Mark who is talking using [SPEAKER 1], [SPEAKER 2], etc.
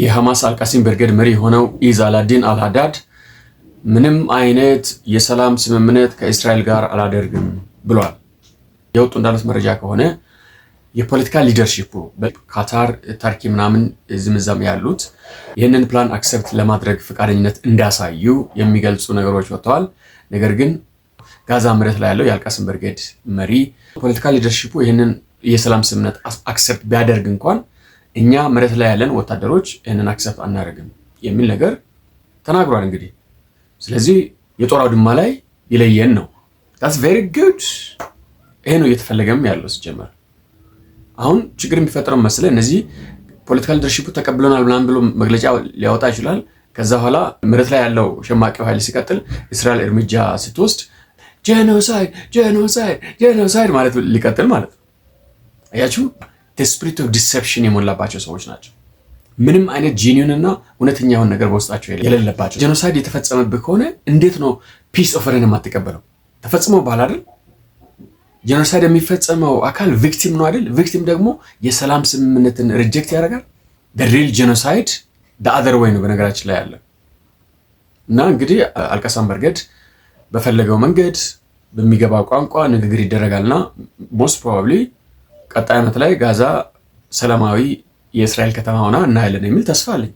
[SPEAKER 1] የሐማስ አልቃሲም ብርጌድ መሪ የሆነው ኢዝ አላዲን አልሃዳድ ምንም አይነት የሰላም ስምምነት ከእስራኤል ጋር አላደርግም ብሏል። የወጡ እንዳሉት መረጃ ከሆነ የፖለቲካ ሊደርሺፑ በካታር ተርኪ ምናምን ዝምዛም ያሉት ይህንን ፕላን አክሰፕት ለማድረግ ፈቃደኝነት እንዳሳዩ የሚገልጹ ነገሮች ወጥተዋል። ነገር ግን ጋዛ መሬት ላይ ያለው የአልቃሲም ብርጌድ መሪ ፖለቲካ ሊደርሺፑ ይህንን የሰላም ስምምነት አክሰፕት ቢያደርግ እንኳን እኛ መሬት ላይ ያለን ወታደሮች ይህንን አክሰፕት አናደርግም የሚል ነገር ተናግሯል። እንግዲህ ስለዚህ የጦር አውድማ ላይ ይለየን ነው። ታስ ቬሪ ጉድ። ይሄ ነው እየተፈለገም ያለው ሲጀመር። አሁን ችግር የሚፈጠረው መስለ እነዚህ ፖለቲካል ሊደርሺፑ ተቀብለናል ምናምን ብሎ መግለጫ ሊያወጣ ይችላል። ከዛ በኋላ መሬት ላይ ያለው ሸማቂው ኃይል ሲቀጥል፣ እስራኤል እርምጃ ስትወስድ ጄኖሳይድ ጄኖሳይድ ጄኖሳይድ ማለት ሊቀጥል ማለት ነው። አያችሁ ስፕሪት ኦፍ ዲሰፕሽን የሞላባቸው ሰዎች ናቸው። ምንም አይነት ጄኒውን እና እውነተኛውን ነገር በውስጣቸው የሌለባቸው። ጄኖሳይድ የተፈጸመብህ ከሆነ እንዴት ነው ፒስ ኦፈርን የማትቀበለው? ተፈጽሞ ባል አይደል? ጄኖሳይድ የሚፈጸመው አካል ቪክቲም ነው አይደል? ቪክቲም ደግሞ የሰላም ስምምነትን ሪጀክት ያደርጋል። ሪል ጄኖሳይድ አዘር ወይ ነው በነገራችን ላይ ያለ እና እንግዲህ አልቀሳም በርገድ በፈለገው መንገድ በሚገባ ቋንቋ ንግግር ይደረጋልና ሞስት ፕሮባብሊ ቀጣይ ዓመት ላይ ጋዛ ሰላማዊ የእስራኤል ከተማ ሆና እናያለን የሚል ተስፋ አለኝ።